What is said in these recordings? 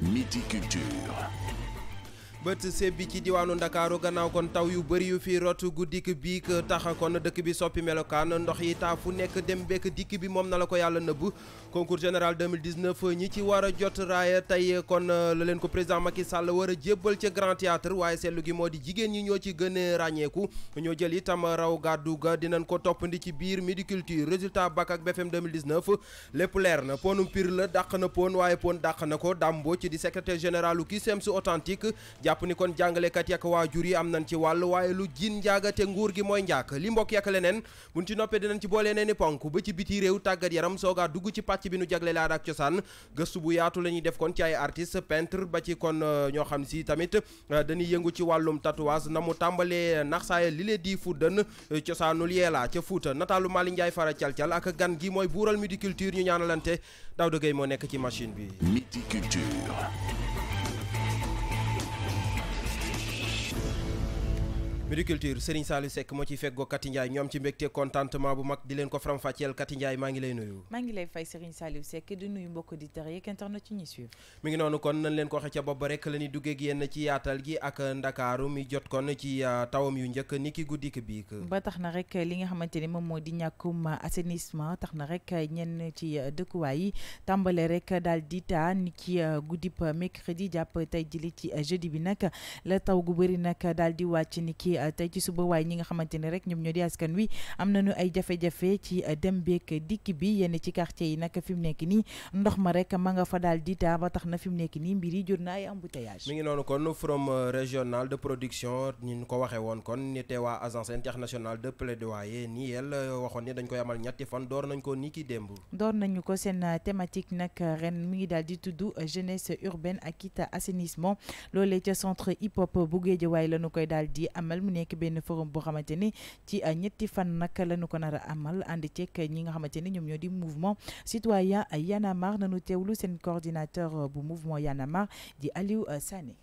Mythiculture bët sebbi ci diwaanu ndakaaru gannaaw kon taw yu bëri yu fi rot guddik biig tax kon dëkk bi soppi melokaan ndox yi taa fu nekk dem bekk dikk bi moom na la ko yàlla nëbb concours général 2019 ñi ci war a jot a tey kon euh, la leen ko président Macky Sall war a jébbal ca Grand Théâtre waaye seetlu gi moo di jigéen ñi ñoo ci gën a ràññeeku ñoo jël itam raw gàddu ga dinañ ko toppandi ci biir Midi Culture résultat bac ak BFM 2019 lépp leer na ponum pir la dàq na pon waaye pon dàq na ko dàmbo ci di secrétaire général u CUSEMS authentique jàpp ni kon jàngalekat yak waajur yi am nañ ci wàll waaye lu jiin njaagate nguur gi mooy njaak li mbokk yak leneen buñ ci noppee dinañ ci boole nee ni ponk ba ci biti réew tàggat yaram soogaa dugg ci pàcc bi nu jagle aada ak cosaan gëstu bu yaatu la ñuy def kon ci ay artiste peintre ba ci kon euh, ñoo xam si tamit euh, dañuy yëngu ci wàllum tatouage na mu tàmbalee nax saaya li lee di fuddan euh, cosaanul yeelaa ca Fuuta nataalu Mali Njaay fara calcal ak gan gi mooy buural midi culture ñu ñaanalante daaw dëggay moo nekk ci machine bi Mediculture Serigne Saliou Seck moo ciy feggoo Kati Ndiaye ñoom ci mbégte contentement bu mag di leen ngi noonu kon nañ leen ko waxee ca bopp rek la ñuy duggee ci yaatal gi ak Ndakaaru mi jot kon ci euh, tawam yu njëkk ni ki guddik biik ba tax na rek li nga xamante ni moom moo di ñàkkum assainissement tax na rek ñenn ci euh, dëkkuwaay yi tàmbale rek daal di taa ni ki euh, guddib mercredi jàpp tey jili ci jeudi bi nag la taw gu bëri nag daal di wàcc ni ki Euh, tey ci suba waaye ñi nga xamante ne rek ñoom ñoo di askan wi am nañu ay jafe-jafe ci euh, dem beek dikk bi yenn ci quartier yi nag fi mu nekk nii ndox ma rek ma nga fa daal di taa ba tax na fi mu nekk nii mbir yi jur na ay embouteillage mi ngi noonu kon from euh, régional de production ñu ko waxee woon kon ni te waa agence internationale de plaidoyer nii yel waxoon ni dañ koy amal ñetti fan door nañ ko niki ki démb door nañu ko seen thématique nag ren mi ngi daal di tudd jeunesse urbaine ak it assainissement loolee ca centre hip hop bu Guédiawaye la ñu koy daal di amal nekk benn forum boo xamante ni ci ah, ñetti fan nag lañu ko nar amal ànd ceeg ñi nga xamante ni ñoom ñoo di mouvement citoyen Y'en a marre nañu lu seen coordinateur bu mouvement Y'en a marre di Aliou ah, Sané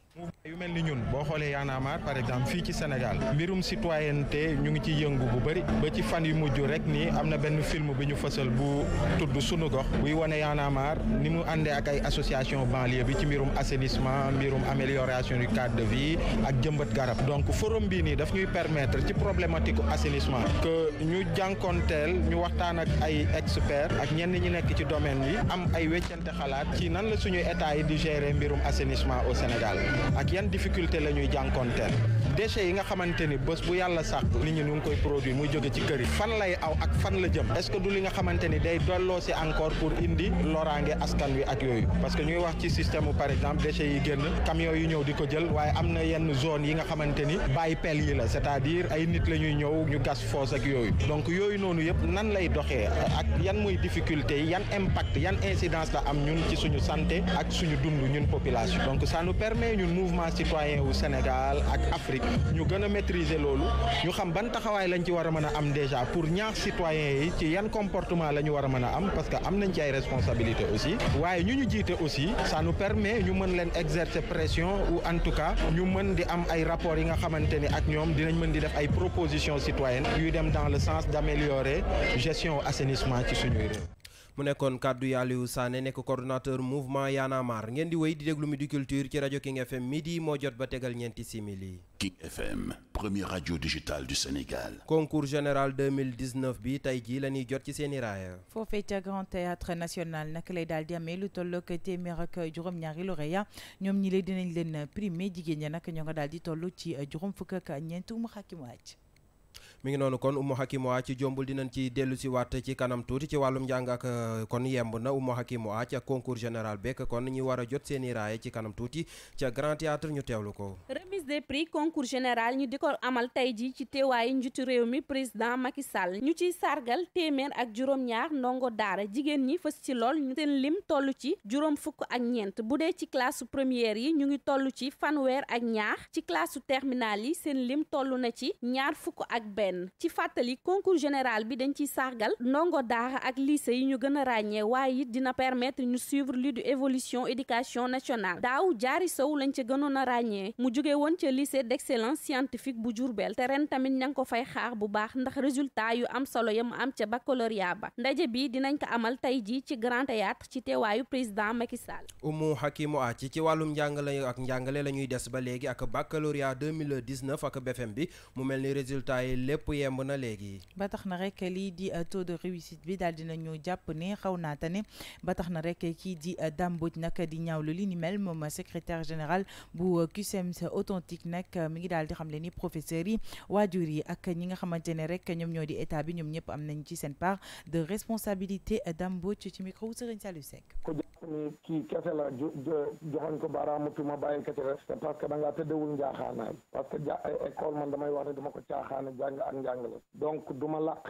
yu mel ni ñun boo xoolee Y'en a marre par exemple fii ci Sénégal mbirum citoyenneté ñu ngi ci yëngu bu bëri ba ci fan yu mujj rek nii am benn film bi ñu fësal bu tudd sunu gox buy wane Y'en a marre ni mu àndee ak ay association banlieue bi ci mbirum assainissement mbirum amélioration du cadre de vie ak jëmbat garab donc forum bii nii daf ñuy permettre ci problématique assainissement que ñu jànkonteel ñu waxtaan ak ay experts ak ñenn ñi nekk ci domaine yi am ay weccante xalaat ci nan la suñu état yi di gérer mbirum assainissement au Sénégal ak yan difficulté la ñuy jànkoonteel déchets yi nga xamante ni bés bu yàlla sax nit ñi ñu ngi koy produit muy jóge ci kër yi fan lay aw ak fan la jëm est-ce que du li nga xamante ni day dolloo si encore pour indi loraange askan wi ak yooyu parce que ñuy wax ci système par exemple déchets yi génn camions yi ñëw di ko jël waaye am na yenn zone yi nga xamante ni bàyyi peel yi la cest à ay nit la ñuy ñëw ñu gas foos ak yooyu donc yooyu noonu yëpp nan lay doxee il y difficulté des impact yan incidence la am ñun ci suñu santé ak suñu dund ñun population donc ça nous permet ñun mouvement citoyen au Sénégal ak Afrique Nous allons maîtriser lolu ñu xam ban taxaway lañ ci wara mëna am déjà pour ñaar citoyen yi ci yan comportement la wara mëna am parce que am nañ ci ay responsabilité aussi waye ñu ñu jité aussi ça nous permet ñu mën leen exercer pression ou en tout cas ñu mën di am ay rapports yi nga xamanteni ak ñom dinañ di def ay propositions citoyennes dem dans le sens d'améliorer gestion assainissement ci mu nekkoon kàddu Aliou Sané nekk coordonnateur mouvement Y ngeen di wéy di déglu di Culture ci rajo King FM midi moo jot ba tegal ñeenti simili. King FM première radio digitale du Sénégal. concours général 2019 bi tey jii la ñuy jot ci seeni i raaya. foofee ca grand théâtre national nag lay daal di amee lu toll ak téeméer ak juróom-ñaari ya ñoom ñi lay dinañ leen primé jigéen ña nag ñoo nga daal di toll ci juróom fukk ak ñeent mu xàkki mi ngi noonu kon Umu Hakimu ci jombul dinañ ci dellu si ci kanam tuuti ci wàllum njàng ak euh, kon yemb na Umu Hakimu ci ak concours général bekk kon ñi war a jot seen i ci kanam tuuti ca Grand ñu teewlu ko. remise des prix concours général ñu di ko amal tey jii ci teewaayu njiitu réew mi président Macky Sall ñu ciy sargal téeméer ak juróom-ñaar ndongo daara jigéen ñi fës ci lool ñu seen lim toll ci juróom fukk ak ñeent bu dee ci classe première yi ñu ngi toll ci fanweer ak ñaax ci classe terminale yi seen lim toll na ci ñaar fukk ak benn ren ci fàttali concours général bi dañ ciy sargal ndongo daara ak lycée yi ñu gën a ràññee waaye it dina permettre ñu suivre lii du évolution éducation nationale daaw jaari sow lañ ca gënoon a ràññee mu jóge woon ca lycée d'excellence scientifique bu Diourbel te ren tamit ña ko fay xaar bu baax ndax résultat yu am solo ya mu am ca baccalauréat ba ndaje bi dinañ ko amal tey jii ci Grand Théâtre ci teewaayu président Macky Sall. Oumou Hakim Athie ci wàllum njàngale ak njàngale la ñuy des ba léegi ak baccalauréat 2019 ak BFM lépp yemb na léegi. ba tax na rek lii di euh, taux de réussite bi daal dina ñu jàpp ne xaw naa tane ba tax na rek kii di euh, Dame Mbodj nag di ñaawlu li ni mel moom a secrétaire général bu euh, CUSEMS authentique nag mu ngi daal di xam le ni professeurs yi waajur yi ak ñi nga xamante ne rek ñoom ñoo di état bi ñoom ñëpp am nañ ci seen part de responsabilité Dame Mbodj ci micro Serigne Saliou Seck kii kese la ju joxoñ ko baaraamu fi ma bàyyi ka ci res te parce que da ngaa tëddewul njaaxaanaay parce que ja école man damay wax ne dama ko caaxaane jàng ak njàng la donc du ma làq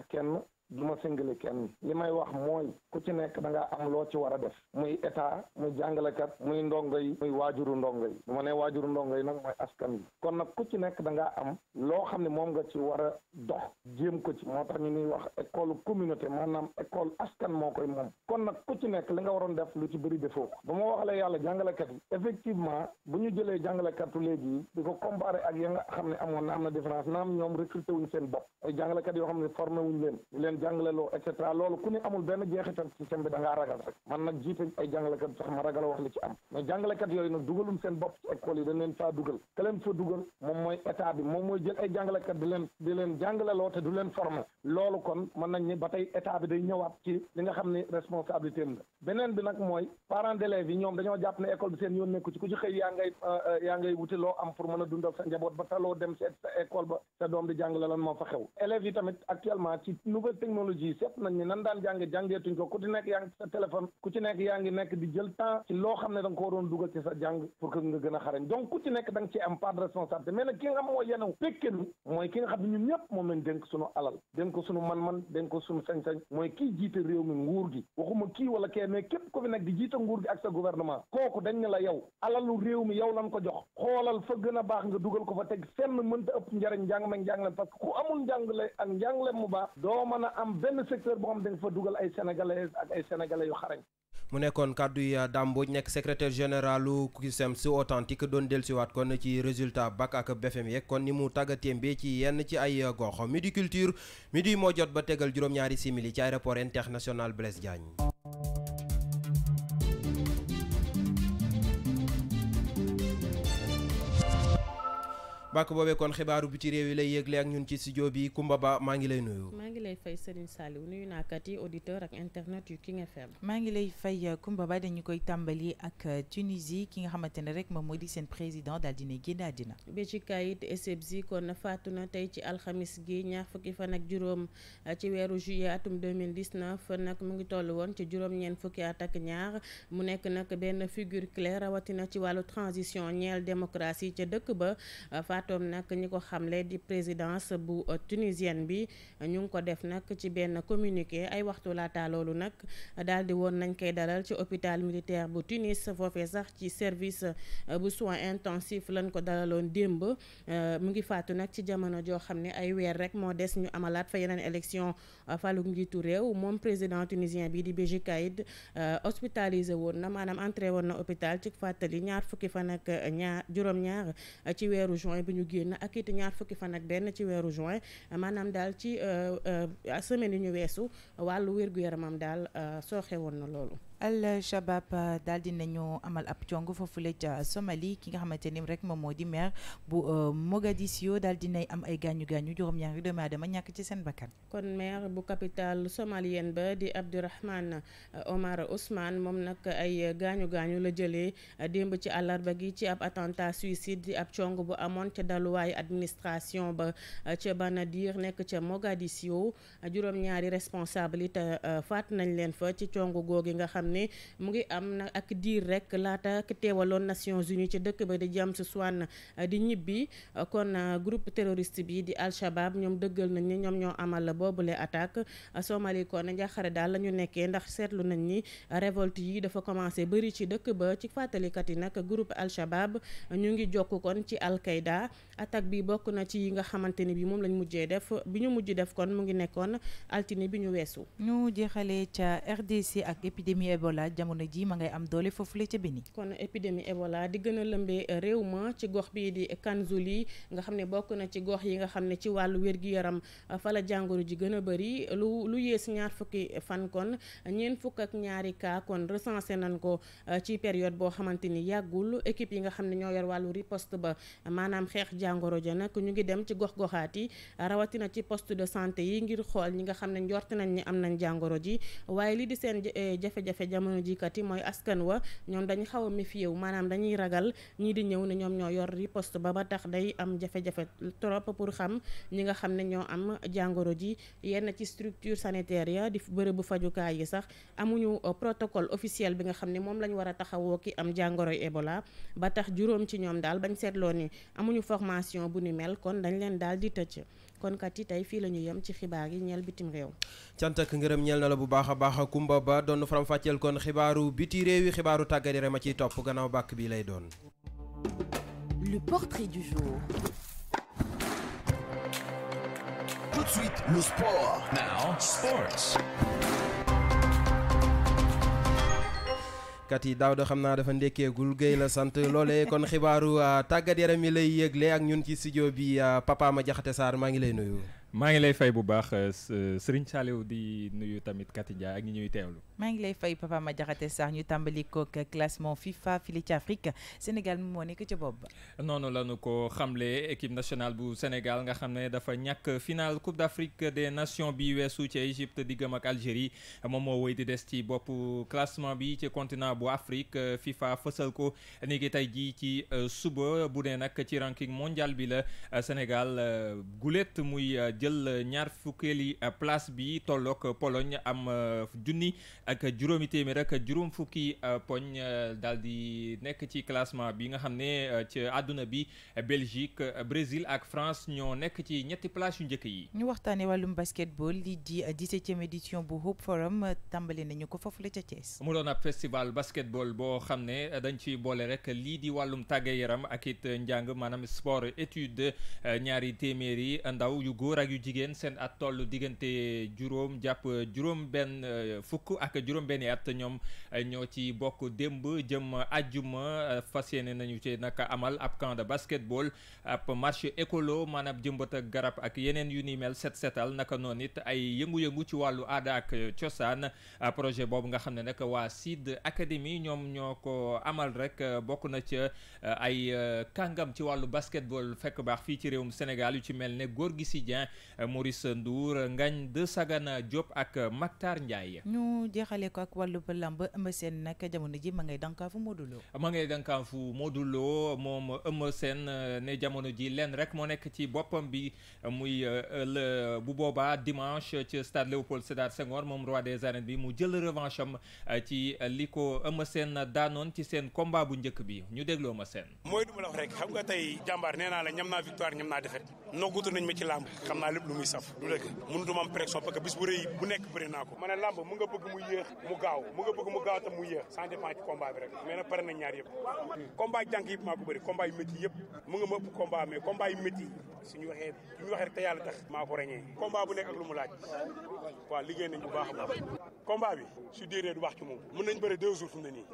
du ma singale kenn li may wax mooy ku ci nekk da am loo ci war a def muy état muy jàngalekat muy ndongo yi muy waajuru ndongo yi du ma ne waajuru ndongo yi nag mooy askan yi kon nag ku ci nekk da ngaa am loo xam ne moom nga ci war a dox jéem ko ci moo tax ñu ñuy wax école communauté maanaam école askan moo koy moom kon nag ku ci nekk li nga waroon def lu ci bëri defoo ba ma waxalee yàlla jàngalekat yi effectivement bu ñu jëlee jàngalekatu léegi yi di ko ak ya nga xam ne amoon na am na différence naam ñoom recruté wuñ seen bopp ay yoo xam ne leen jàngaleloo et cetera loolu ku ne amul benn jeexital ci système bi da ngaa ragal rek man nag jiite ay jàngalekat sax ma ragal wax li ci am mais jàngalekat yooyu nag dugalum seen bopp ci école yi dañ leen faa dugal te leen fa dugal moom mooy état bi moom mooy jël ay jàngalekat di ba tey état bi day seen yoon nekku ci ku ci xëy euh, yaa ngay wuti loo am pour mën a dundal sa njaboot ba taloo dem sa école ba sa doom di jàngale lan moo fa xew élèves yi tamit actuellement ci nouvelle technologie yi nañ ni nan daan jànge jàngeetuñ ko ku ci nekk yaa ngi nekk di jël temps ci loo xam ne da nga ko waroon dugal ci sa jàng pour que nga gën a xarañ donc man kooku dañ ne la yow alalu réew mi yow lan ko jox xoolal fa gën a baax nga dugal ko fa teg fenn mënta ëpp njariñ njàng meñ njàng leen parce ku amul njàngale ak njàngale mu baax doo a am benn secteur boo xam da nga fa dugal ay sénégalais ak ay sénégalais yu xarañ. mu nekkoon kàddu yi euh, Dame Mbodj nekk secrétaire généralu CUSEMS authentique doon dellusiwaat kon ci résultat BAC ak BFEM yeeg kon ni mu tàggatémbee ci yenn ci ay euh, gox midi culture midi moo jot ba tegal juróom-ñaari simili ci aéroport international Blaise Diagne. bàkk boobee kon xibaaru bi ci réew yi lay yëgle ak ñun ci studio bi Kumba ki nga xamante ne rek moom moo di seen président daal di ne génn àddina. Béchikayit Essebsi kon faatu na tey ci alxamis gi ñaar fukki fan ak juróom euh, ci weeru juillet atum nag mu ngi toll woon ci juróom-ñeent fukki at ak ñaar mu nekk nag benn figure clé rawatina ci wàllu transition ñeel démocratie ca dëkk ba euh, xalaatom nak ñi ko xamle di présidence bu euh, tunisienne bi ñu ngi ko def nak ci ben communiqué ay waxtu lata lolu nak daldi won nañ koy dalal ci hôpital militaire bu Tunis fofé sax ci service euh, bu soins intensifs lañ ko dalaloon démb euh, mu ngi faatu nak ci jamono jo xamné ay wér rek mo dess ñu amalat fa yenen élection falu njiitu rew moom président tunisien bi di Béji Kaïd hospitalisé won na manam entré won na hôpital ci fàttali ñaar fukki fa nak ñaar juroom ñaar ci wéru juin bu ñu génn ak it ñaar fukki fan ak benn ci weeru juin maanaam daal ci euh, euh, semaine yu ñu weesu wàllu wér-gu-yaramam daal euh, sooxe woon na loolu al shabab euh, daal di nañu amal ab cong foofule ca Somalie ki nga xamante ni rek moom moo di maire bu euh, Mogadiscio daal di nay am ay gaañu gaañu juróom-ñaari doomu aadama ñàkk ci seen bakkan. kon maire bu capitale somalienne ba di Abdourahmane euh, Omar Ousmane moom nag ay gaañu gaañu la jëlee démb ci àllarba gi ci ab attentat suicide di bu amoon ca daluwaay administration ba ca Banadir nekk ca Mogadiscio juróom-ñaari responsable it faat nañ leen fa ci cong googu nga xam. xam ne mu ngi am nag ak diir rek laata ak teewaloon Nations Unies ci dëkk ba di James Swan eh, di ñibbi eh, kon eh, groupe terroriste bi di Al Shabaab ñoom dëggal nañ ni ñoom ñoo amal boobule attaque Somalie kon njaaxare daal la ñu nekkee ndax seetlu nañ ni révolte yi dafa commencé bëri ci dëkk ba ci fàttalikat yi nag groupe Al Shabaab ñu ngi jokk kon ci Al Qaïda attaque bi bokk na ci yi nga xamante ni bi moom lañ mujjee def bi ñu mujj def kon mu ngi nekkoon altini bi ñu weesu. ñu jeexalee ca RDC ak épidémie Ebola jamono ji ma ngay am doole foofule ca Bénin. kon épidémie Ebola di gën a lëmbee réew ma ci gox bii di Kanzuli nga xam ne bokk na ci gox yi nga xam ne ci wàllu wér yaram fa jàngoro ji gën a bëri lu lu yées ñaar fukki fan kon ñeent fukk ak ñaari cas kon recensé nañ ko euh, ci période boo xamante ni yàggul équipe yi nga xam ne ñoo yor wàllu riposte ba maanaam xeex jàngoro ja nag ñu ngi dem ci gox goxaat yi rawatina ci poste de santé yi ngir xool ñi nga xam ne njort nañ ni am nañ jàngoro ji waaye li di seen eh, jafe-jafe jamono jikkat yi mooy askan wa ñoom dañu xaw a méfiyewu maanaam dañuy ragal ñii di ñëw ne ñoom ñoo yor riposte ba ba tax day am jafe-jafe trop pour xam ñi nga xam ne ñoo am jàngoro ji yenn ci structure sanitaire ya di bërëbu fajukaay yi sax amuñu euh, protocole officiel bi nga xam ne moom lañu war a taxawoo ki am jàngoroy Ebola ba tax juróom ci ñoom daal bañ seetloo ni amuñu formation bu ni mel kon dañ leen daal di tëcc kon kat yi fi lañu yëm ci xibaar yi ñel bitim réew cant ak ngërëm ñeel na la bu baaxa a baax Kumba Ba doon faram-fàcceel kon xibaaru biti réew yi xibaaru tàggat yaram ci top topp gannaaw bàkk bi lay doon le portrait du jour tout de suite le sport now sports kat yi daaw da xam naa dafa ndekkeegul Guèye la sant loole kon xibaaru ah, tàggat yaram yi lay yëgle ak ñun ci studio bi ah, papa ma jaxate Sarr maa ngi lay nuyu. maa ngi lay fay bu baax Serigne Saliou di nuyu tamit Kati Dia ak ñi ñuy teewlu. maa lay fay Papa Madiakhaté sax ñu tàmbali classement FIFA filé ci Afrique Sénégal moo nekk ca bopp Non, noonu la ko xamle équipe nationale bu Sénégal nga xam ne dafa ñàkk finale Coupe d'Afrique des Nations bi weesu ci Égypte diggam ak Algérie moom moo wéy di des ci bopp classement bi ci continent bu Afrique FIFA fësal ko ni ki tey jii ci euh, suba bu dee nag ci ranking mondial bi la euh, Sénégal euh, gulet muy jël ñaar fukkeeli place bi tolloog Pologne am junni. ak juróomi téeméer ak juróom fukki euh, poñ euh, daal di nekk ci classement bi nga xam ne euh, ci àdduna bi Belgique Brésil ak France ñoo nekk ci ñetti place yu njëkk yi. ñu waxtaanee wàllum basketball lii di 17e édition bu Hope Forum tàmbali nañu ko foofu la ca Thiès. mu doon ab festival basketball boo xam ne dañ ci boole rek lii di wàllum tàggat yaram ak it njàng maanaam sport étude ñaari téeméeri ndaw yu góor ak yu jigéen seen at toll diggante juróom jàpp juróom benn fukk juróom-benni at ñoom eh, ñoo ci bokk démb jëm ajjuma eh, fas yéene nañu ci nag amal ab camp de basketball ab marché écolo maanaam jëmbat ak garab ak yeneen yu ni mel set setal naka noonu it ay yëngu-yëngu ci wàllu aada ak cosaan eh, projet boobu nga xam ne nag waa Sid Academy ñoom ñoo ko amal rek bokk na ca ay kàngam ci wàllu basketball fekk baax fii ci réewum Sénégal yu ci mel ne góor gi si Dieng Maurice Ndour ngañ de Sagana Diop ak Mactar Ndiaye. ñu jeexale ko ak wàllu ba lamb Eumeu Sène nag jamono ji ma ngay dànkaafu Modou Lo moom Eumeu Sène euh, ne jamono ji lenn rek moo nekk ci boppam bi muy euh, le bu boobaa dimanche ci stade Léopold Sédar Senghor moom roi des arènes bi mu jël revanche am euh, ci li ko Eumeu Sène daanoon ci seen combat bu njëkk bi ñu dégloo Eumeu Sène mooy du ma la wax rek xam nga tey jàmbaar nee naa la ñam naa victoire ñam naa défaite noggutu nañ ma ci làmb xam naa lu muy saf du dëgg bu rëy bu nekk bëri mu gaaw mu nga bëgg mu gaaw tam mu yéex sans dépend ci rek mais nag pare nañ ñaar yëpp combat jànk yëpp maa ko bëri combat yu mu nga ma ëpp combat mais combat yu métti suñu waxee suñu waxee rek te yàlla tax maa ko reñee combat bu nekk ak lu mu laaj waaw liggéey nañ bu baax a baax combat bi su déeree du wax ci moom mën nañ bëre deux jours fu mu ne nii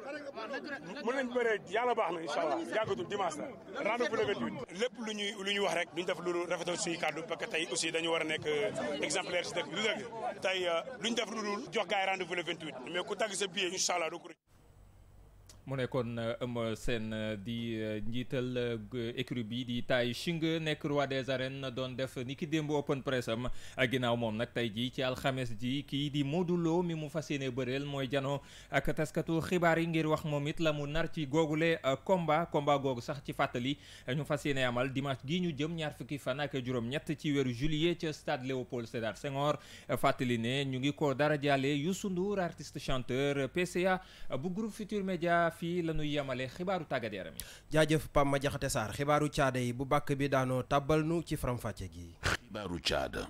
mën nañ baax na incha allah yàggatul dimanche la rendez-vous lépp lu ñuy wax rek duñ def lu rafetal suñu kàddu parce que tey aussi dañu war a nekk euh, exemplaire si dëkk lu dëgg euh, 28 mais kutaki sepie inshallah mu nekkoon euh, Eumeu Sène euh, di euh, njiital écurie bi di Tay Shinger nekk roi des arènes doon def ni ki démb open press am ginnaaw moom nag tey jii ci alxames ji kii di Modou mi mu fas yéene mooy ak taskatu xibaar yi ngir wax moom it la mu nar ci googule combat combat googu sax ci fàttali ñu fas amal dimanche gii ñu jëm ñaar fukki fan ak juróom-ñett ci weeru juillet ca stade Léopold Sédar Senghor fàttali ne ñu ngi ko dara jaale artiste chanteur PCA bu groupe Futur Média fii la ñuy yemale xibaaru tàggat yaram yi. jaajëf Pam ma jaxate Sarr xibaaru caada yi bu bàkk bi daanoo tàbbal nu ci faram gi. xibaaru caada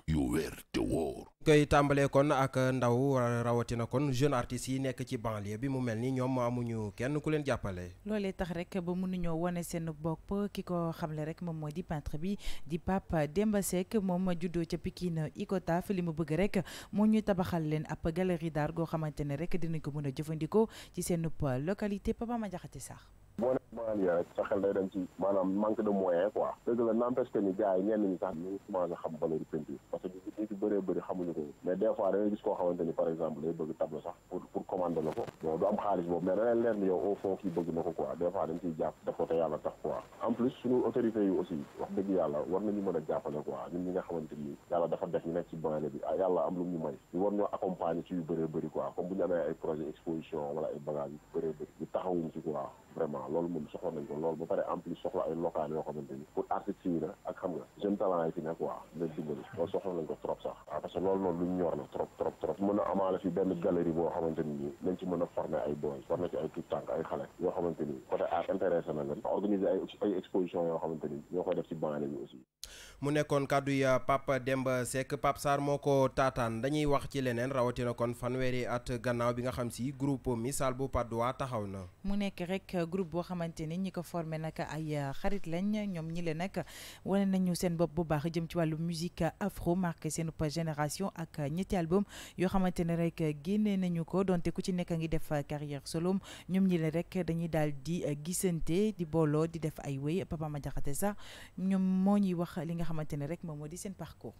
koy tàmbalee kon ak ndaw rawatina kon jeune artistes yi nekk ci banlieue bi mu mel ni ñoom amuñu kenn ku leen jàppale. loolee tax rek ba mënuñoo wane seen bopp ki ko xamle rek moom moo di peintre bi di Pape Demba Seck moom juddoo ca Pikine Icotaf li mu bëgg rek moo ñu tabaxal leen ab galerie d'art goo xamante ne rek dinañ ko mën a jëfandikoo ci seen localité Papa Ma jaxati sax. boo ne banlieue rek sa xel day dem ci maanaam manque de moyen quoi dëgg la n'empêche que ni gars yi ñu mais des fois da ngay gis koo xamante ni par exemple day bëgg tableau sax pour pour commander la ko du am xaalis boobu mais da lay leer ni yow au fond kii bëgg na ko quoi des fois dañ ciy jàpp def te yàlla tax quoi en plus suñu autorité yi aussi wax dëgg yàlla war nañu mën a jàppale quoi ñun ñi nga xamante ni yàlla dafa def ñu nekk ci banlieue bi ah, yàlla am lu ñu may ñu war ñoo accompagner ci yu bëree ay projet exposition wala quoi vraiment loolu moom soxla nañ ko loolu ba pare en soxla ay local yoo xamante pour artistes yi la ak xam nga jeune talent yi fi nekk waa leen soxla nañ ko trop sax waaw parce que loolu noonu luñ ñor la trop trop trop mën a amaale fi benn galerie boo xamante nii nañ ci mën a former ay boy former ci ay tout tànk ay xale yoo xamante ni côté art intéressé na leen organiser ay exposition yoo xamante ñoo koy def ci banlieue bi aussi mu nekkoon kàddu ya Demba Seck Pape Sarr moo ko taataan dañuy wax ci leneen kon fanweeri at gannaaw bi nga xam si groupe misaal bu Padoa taxaw na. mu nekk rek groupe boo xamante ñi ko formé nag ay xarit lañ ñoom ñi le nag wane nañu seen bopp bu baax jëm ci wàllu musique afro marqué seen génération ak ñetti album yoo xamante rek génnee nañu ko donte ku ci nekk a ngi def carrière solo ñi le rek dañuy dal di gisante di booloo di def ay wéy Papa Madiakhaté sax ñoom ñuy wax li nga nga xamante rek moom moo di parcours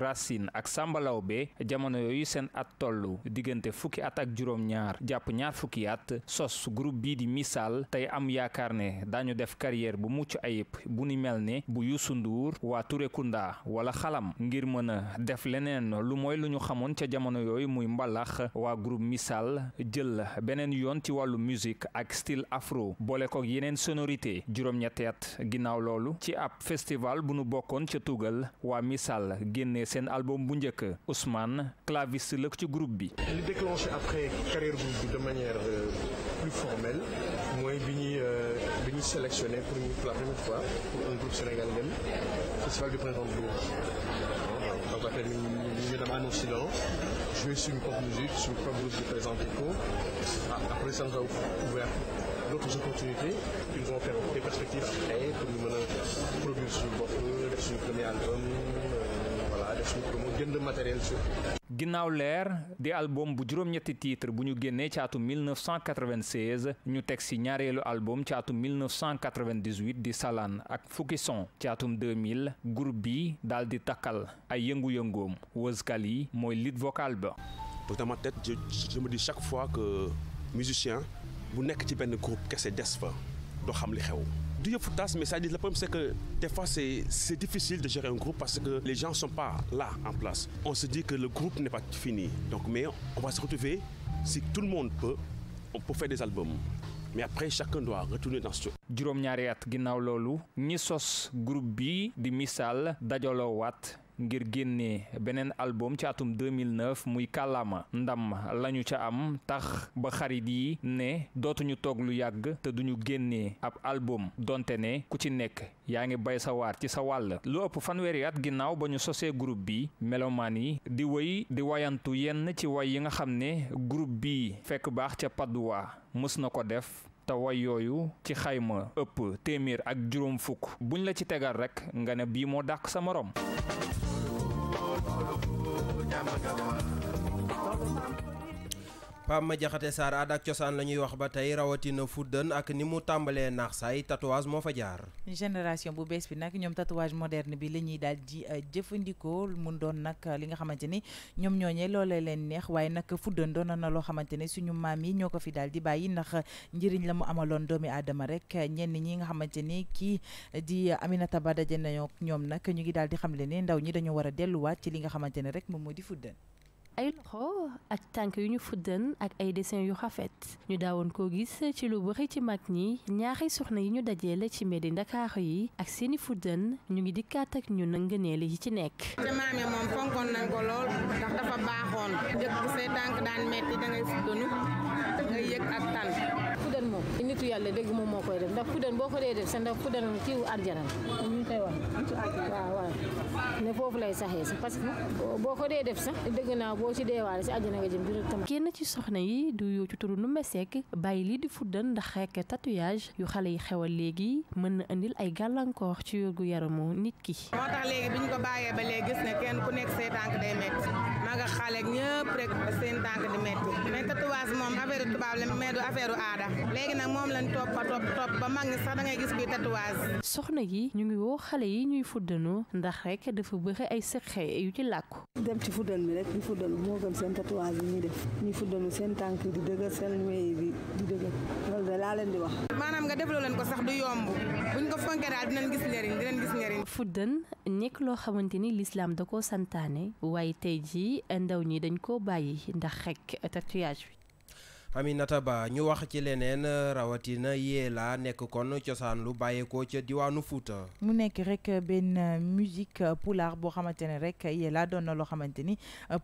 Racine ak Samba Lawbe jamono yooyu seen at toll diggante fukki at ak juróom-ñaar jàpp ñaar fukki at sos groupe bii di misaal tey am yaakaar ne daañu def carrière bu mucc ayib bu ni mel ne bu Youssou Ndour waa Turekunda wala xalam ngir mën a def leneen lu mooy lu ñu xamoon ca jamono yooyu muy mbalax waa groupe misaal jël beneen yoon ci wàllu musique ak style afro boole ko yeneen sonorité juróom-ñetti at ginnaaw loolu ci ab festival bu nu bokkoon ca seen album bu njëkk Ousmane claviste le ci groupe bi. li déclenché après carrière groupe de manière euh, plus formelle moi bi ñuy euh, bi ñuy sélectionné pour ñu la première fois pour un groupe sénégalais dem festival du printemps de Bourges. donc après ñu ñu suis en Occident de suñu musique propre groupe ah, après ça nous a ouvert d'autres opportunités qui nous ont offert des perspectives après pour nous mener a produire sur le premier album def pour ginnaaw leer di album bu juróom-ñetti titre bu ñu génnee ci atum 1996 ñu teg si ñaareelu album ci atum 1998 di salaan ak fukki son ci atum 2000 groupe bi daal di takkal ay yëngu-yëngoom Wozkali mooy lead vocal ba. dans ma tête je, me dis chaque fois que musicien bu nekk ci benn groupe kese des fa doo xam li xew mais ça dit, le problème c'est que des fois c'est difficile de gérer un groupe parce que les gens ne sont pas là en place. On se dit que le groupe n'est pas fini. Donc, mais on va se retrouver, si tout le monde peut, on peut faire des albums. mais après chacun doit retourner dans ce truc. ngir génné benen album ci atum 2009 muy kalama ndam lañu ci am tax ba xarit yi ne ñu tok lu yagg te duñu génné ab album donte ne ku ci nekk yaa ngi bay sa waar ci sa wàll lu ëpp fanweeri at ginnaaw ba ñu sosee groupe bi melomaan yi di wëy di wayantu yenn ci way yi nga xam ne groupe bi fekk baax ca Padoua mus na ko def te way yooyu ci xayma ëpp téeméer ak juróom fukk buñ la ci tegal rek nga ne bii moo dàq sa morom Yamagawa. Pape Madiakhaté Sarr aada ak cosaan la ñuy wax ba tey rawatina fuddën ak ni mu tàmbalee naax saay tatouage moo fa jaar génération bu bees bi nag ñoom tatouage moderne bi la ñuy di euh, jëfandikoo mun doon nag euh, li nga xamante ni ñoom ñooñee loolee leen neex waaye nag fuddën doon na loo suñu yi fi di bàyyi nak njëriñ la mu doomi aadama rek ñenn ñi nga xamante ki di Aminata Ba daje nañoo ñoom nag ñu ngi daal di xamle ne ndaw ñi dañoo war ci li nga rek ay loxo ak tànk yu ñu fuddan ak ay dessin yu rafet ñu daawoon koo gis ci lu bëri ci mag ñi ñaari soxna yi ñu la ci mbeddi ndakaaru yi ak seeni fuddan ñu ngi dikkaat ak ñun ngëneel yi ci nekk. te maam yi moom yëg ak tan fuddan moom nitu yàlla dégg moom moo koy def ndax fuddan boo ko dee def sa ndax fuddan ci arjana ñu ne foofu lay saxee sax parce boo ko dee def sax dégg naa boo boo ci deewaale kenn ci soxna yi du yoo ci turu Ndoumbé Seck bàyyi lii di fuddan ndax rek tatouage yu xale yi xewal léegi mën na indil ay gàllankoor ci gu yaramu nit ki. moo tax léegi bi ñu ko bàyyee ba léegi gis ne kenn ku nekk say tànk day métti ma nga moom affaire tubaab la mais du aada léegi nag moom lañ topp a topp topp ba mag ñi sax da gis kuy tatouage. soxna yi ñu ngi woo xale yi ñuy fuddanu ndax rek dafa bëri ay sëqe yu ci làkku. dem loolu moo seen tànk di dëgër laa leen di wax. maanaam nga defloo leen ko sax du yomb buñ ko fonkee daal dinañ gis njëriñ fuddan nekk loo xamante ni lislaam da ko santaane waaye tey jii ndaw ñi dañ koo bàyyi ndax rek tatouage bi. Aminata Ba ñu wax ci leneen euh, rawatina yee Yella nekk kon cosaan lu bàyyeekoo ca diwaanu Fuuta mu nekk rek euh, benn euh, musique pulaar boo xamante ne rek Yella doon loo xamante ni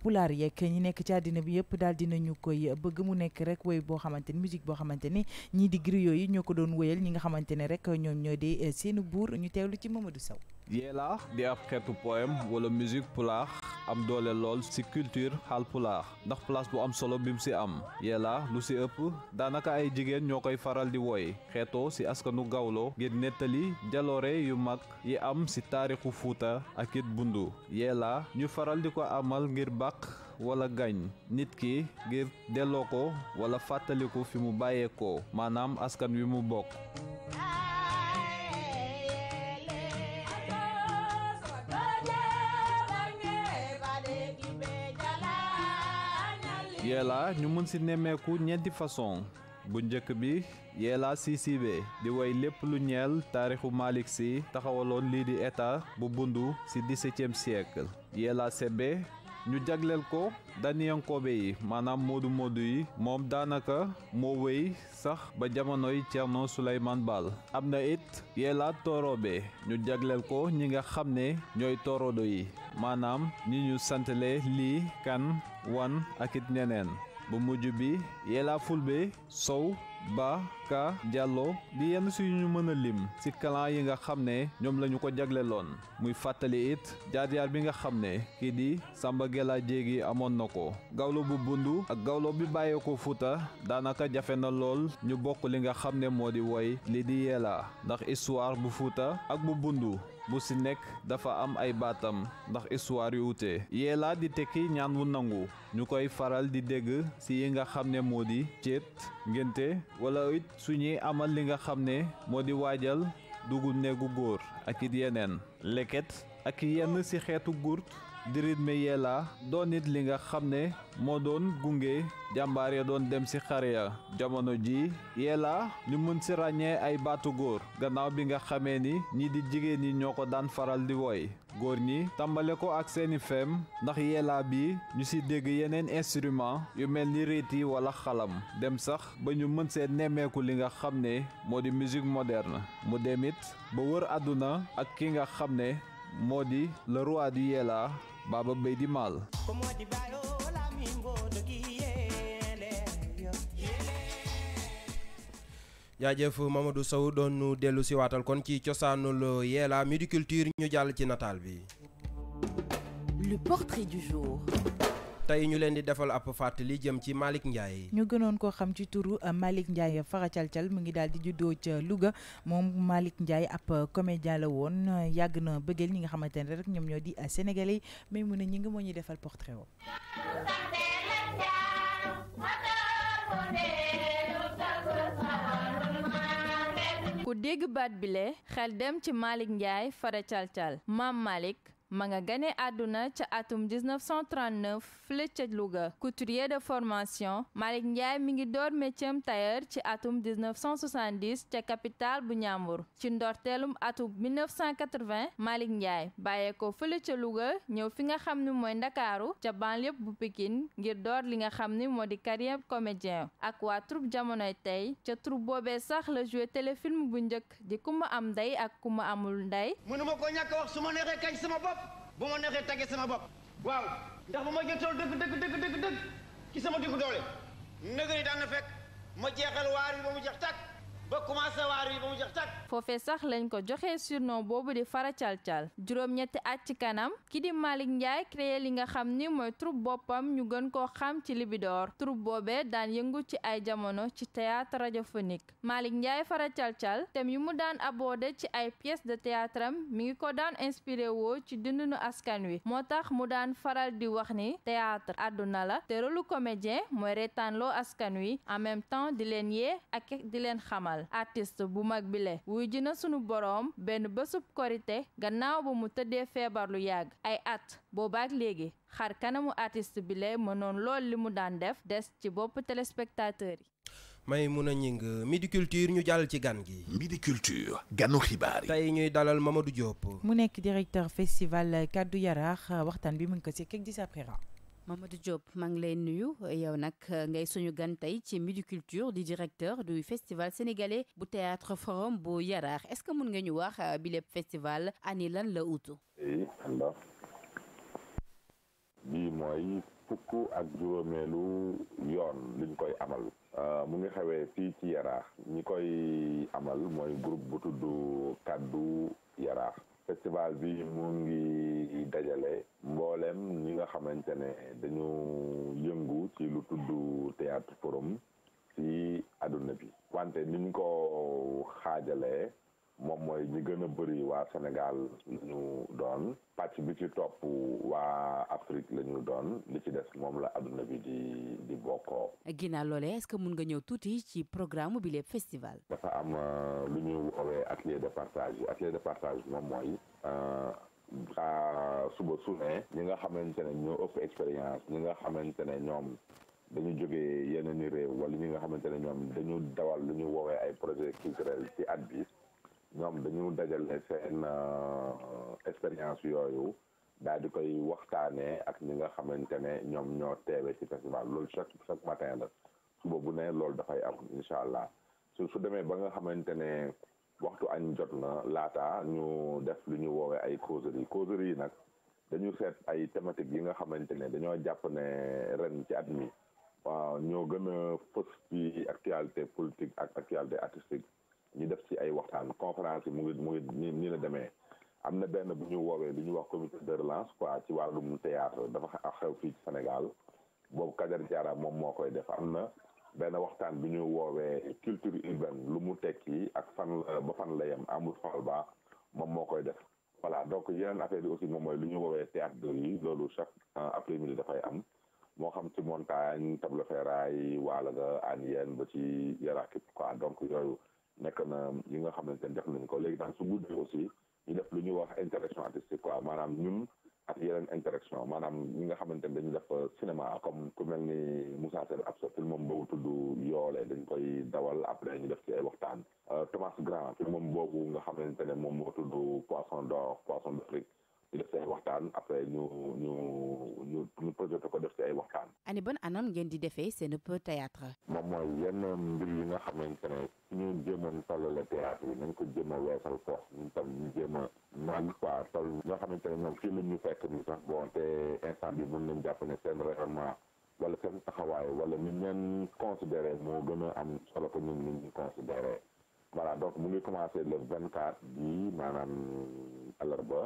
pulaar yeeg ñi nekk ci àddina bi yëpp daal dinañu koy bëgg mu nekk rek woy boo xamante ni musique boo xamante ni ñii di griot ñoo ko doon wéyal ñi nga xamante ne rek ñoom ñoo di seenu buur ñu teewlu ci du Sow yela di ab xeetu poem, wala musique pulaax am doole lool ci culture pou pulaax ndax place bu am solo bim ci am yela lu ci ëpp daanaka ay jigéen ñoo koy faral di woy xeetoo ci askanu gawlo ngir nettali jaloore yu mag yi am ci taarixu fuuta ak it bundu yela ñu faral di ko amal ngir bàq wala gañ nit ki ngir delloo ko wala fàttaliku fi mu bàyyeekoo maanaam askan wi mu bokk yela ñu mën ci nemmeeku ñeenti façon bu njëkk bi yela CCB di way lépp lu ñeel taarixu Malik si taxawaloon lii di état bu bundu ci 17e siècle yela CB ñu jaglel ko daniyankoobe yi maanaam modu modu yi moom daanaka moo wéy sax ba jamonoy Cerno Suleymaan bal am na it yeelaa tooroobe ñu jaglel ko ñi nga xam ne ñooy toorodo yi maanaam ñi ñu santale lii kan wan akit ñeneen bu mujj bi yelaa fulbe sow ba Ka Diallo di yenn si ñu mëna lim ci clan yi nga xamné ñom lañu ko lon muy fatali it jaar jaar bi nga xamné ki di Samba Gela Djegi amon nako gawlo bu bundu ak gawlo bi ko futa danaka jafé na lol ñu bokk li nga xamné modi way li di yela ndax histoire bu futa ak bu bundu bu si nek dafa am ay batam ndax histoire yu wuté yela di teki ñaan wu nangu ñukoy faral di dégg si yi nga xam modi ciet ngenté wala it su suñuy amal li nga xam ne moo di waajal dugub néegu góor ak it yeneen leket ak i yenn ci xeetu gurt di rythme yella doon li nga xam ne moo doon gunge jàmbaar ya doon dem si xare ya jamono ji yella ñu mën si ràññee ay baatu góor gannaaw bi nga xamee ni ñi di jigéen ñi ñoo ko daan faral di woy góor ñi tàmbale ko ak seeni feem ndax yella bi ñu si dégg yeneen instrument yu mel ni réeti walla xalam dem sax ba ñu mën see nemmeeku li nga xam ne moo di musique moderne mu demit ba wër àdduna ak ki nga xam ne moo di le roi du yella Baba Baby Mal. jaajëf Mamadou Sow doon nu dellu si waatal kon ci cosaanul Yella mi di culture ñu jàll ci nataal bi. tey ñu leen di defal ab fàttali jëm ci Malick Ndiaye. ñu gënoon koo xam ci turu euh, malik Ndiaye faracal-cal mu ngi daal di juddoo ca Louga moom malik Ndiaye app euh, comédien la woon yàgg na bëggeel ñi nga xamante ne rek ñoom ñoo di euh, sénégalais mais mu ne ñu ngi moo ñuy defal portrait woo. ku dégg baat bile xel dem ci malik Ndiaye faracal-cal maam Malick. ma nga gane àdduna ca atum 1939 fële ca Louga couturier de formation Malick Ndiaye mi ngi door métier tailleur ci atum 1970 ca capitale bu Ñaambur ci ndorteelum atum 1980 Malick Ndiaye bàyyeekoo fële ca Louga ñëw fi nga xam ni mooy Ndakaaru ca banlieue bu Pikine ngir door li nga xam ni moo di carrière comédien ak waa troupe jamonoy tey ca troupe boobee sax la joué téléfilm bu njëkk di ku am ndey ak ku amul ndey mënuma ko ñàkk wax su ma neexee kañ sama bopp bu ma neexee tàggee sama bopp waaw ndax bu ma jotoon dëgg dëgg dëgg dëgg dëgg ci sama diggu doole nëgëri daan na fekk ma jeexal waar bi ba mu jeex tàkk ba foofee sax lañ ko joxe surnom boobu di fara calcal juróom-ñetti at ci kanam kii di Malick Ndiaye créé li nga xam ni mooy troupe boppam ñu gën koo xam ci Libidor troupe boobee daan yëngu ci ay jamono ci théâtre radiophonique Malick Ndiaye fara calcal thème yu mu daan abordé ci ay pièces de théâtre mi ngi ko daan inspiré woo ci dundinu askan wi moo tax mu daan faral di wax ni théâtre àdduna la te rôlu comédien mooy reetaanloo askan wi en même temps di leen yee ak di leen xamal amal artiste bu mag bile wuy ji na sunu boroom benn bésub korite gannaaw ba mu tëddee feebar lu yàgg ay at boobaak léegi xar kanamu artiste bile mënoon lool li mu daan def des ci bopp téléspectateur yi may mun a ñing midi culture ñu jàll ci gan gi. midi culture ganu xibaar yi. tey ñuy dalal Mamadou Diop. mu nekk directeur festival Kaddu Yaraax waxtaan bi mu ngi ko si kek di sa Mamadou Diop maa ngi nuyu yow nag euh, ngay suñu gan tey ci Midi Culture directeur du festival sénégalais bu théâtre forum bu Yarar. est-ce que mun nga ñu wax euh, festival ani lan la utu ndax eh, bii mooy fukk ak juróomeelu yoon liñ koy amal euh, mu ngi xewee fii ci Yarar? ñi koy amal moi groupe bu tudd kàddu Yarar. festival bi mu ngi dajale mboolem ñi nga xamante ne dañu yëngu ci lu tudd théâtre forum ci àdduna bi wante niñ ko xaajale mom moy ñi gëna bëri wa Sénégal ñu doon pàcc bi ci top wa Afrique lañu doon li ci dess mom la adduna bi di di boko gina lolé est-ce mën nga ñëw tuuti ci programme bi les festival. dafa am euh, lu ñu woowee atelier de partage atelier de partage moom mooy. saa euh, suba suné ñi nga xamantene ne ñoo ëpp expérience ñi nga xamantene ñom dañu joggé yeneen réew wala ñi nga xamantene ñom dañu dawal lu ñu wowe ay projet culturel ci at bi ñom dañu dajal né sen euh, expérience yoyu daal di koy waxtané ak ñi nga xamante ñom ñoo téwé ci festival loolu chaque chaque matin la suba bu lool da fay am inshallah su su démé ba nga xamante waxtu añ jot na lata ñu def lu ñu wowe ay causerie causerie nak dañu seet ay thématique yi nga xamante dañoo japp né ren ci at waaw ñoo gëna fëss ci actualité politique ak actualité artistique ñu def ci ay waxtaan conférence yi mu ngi mu ngi nii la demee am na benn bu ñu woowee lu ñu wax comité de relance quoi ci wàllum théâtre dafa xew fii ci Sénégal boobu Kader Diarra moom moo koy def am na benn waxtaan bi ñu woowee culture urbaine lu mu tekki ak fan la ba fan la yem amul Fall moom moo koy def voilà donc yeneen affaire yi aussi moom mooy lu ñu woowee théâtre yi loolu chaque euh, après-midi dafay am moo xam ci montagne table waalo ga an yeen ba ci yara kip quoi donc yooyu nekk na yi nga xamante ne def nañ ko léegi daal su guddee aussi ñu def lu ñuy wax interaction artistique quoi maanaam ñun ak yeneen interaction maanaam ñi nga xamante ne dañu def cinéma comme ku mel Moussa Sène ab film moom boobu tudd yoole dañ koy dawal après ñu def ci ay waxtaan euh, Thomas Grand film moom boobu nga xamante ne moom moo tudd Poisson d'or Poisson d'Afrique ñu def ay waxtaan après ñu ñu ñu ñu projeté ko def ci ay waxtaan. ani ban anam ngeen di defee seen théâtre. moom mooy yenn mbir yi nga xamante ne ñu jéemoon tollale théâtre yi nañ ko jëma a weesal foofu ñu tam ñu jéem a naan quoi toll nga xamante ne fii la ñu fekk ni sax bon te instant bi mën nañ jàpp ne seen réellement wala seen taxawaay wala ni leen considéré moo gën a am solo ko ñun ñu ñu considéré voilà donc mu ngi commencé le vingt quatre bi maanaam alarba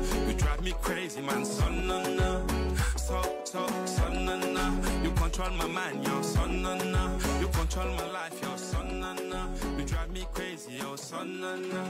drive me crazy, man. Son, na, na. So, so, son, na, na. You control my mind, yo. Son, na, na. You control my life, yo. Son, na, na. You drive me crazy, yo. Son, na, na.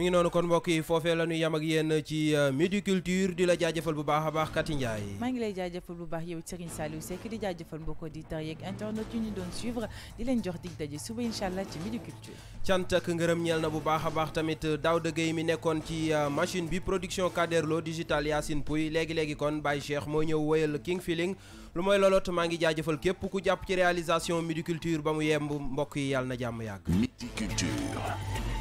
Mingi nonu kon mbokk yi foofee la ñu yam ak yéen ci euh, midi di la jaajëfal bu baax a baax Kati Ndiaye maa ngi lay jaajëfal bu baax yow Serigne Saliou Seck di jaajëfal mbokk auditeurs yeeg internet yu ñu doon suivre di leen jox dig daje suba incha allah ci midi culture cant ak ngërëm ñeel na bu baax a baax tamit euh, Daouda Gueye mi nekkoon ci euh, machine bi production lo digital Yacine Pouy léegi-léegi kon Baye Cheikh moo ñëw woyal King Feeling lu mooy looloot maa ngi jaajëfal képp ku jàpp ci réalisation midi ba mu yemb mbokk yi yàlla na jàmm yàgg midi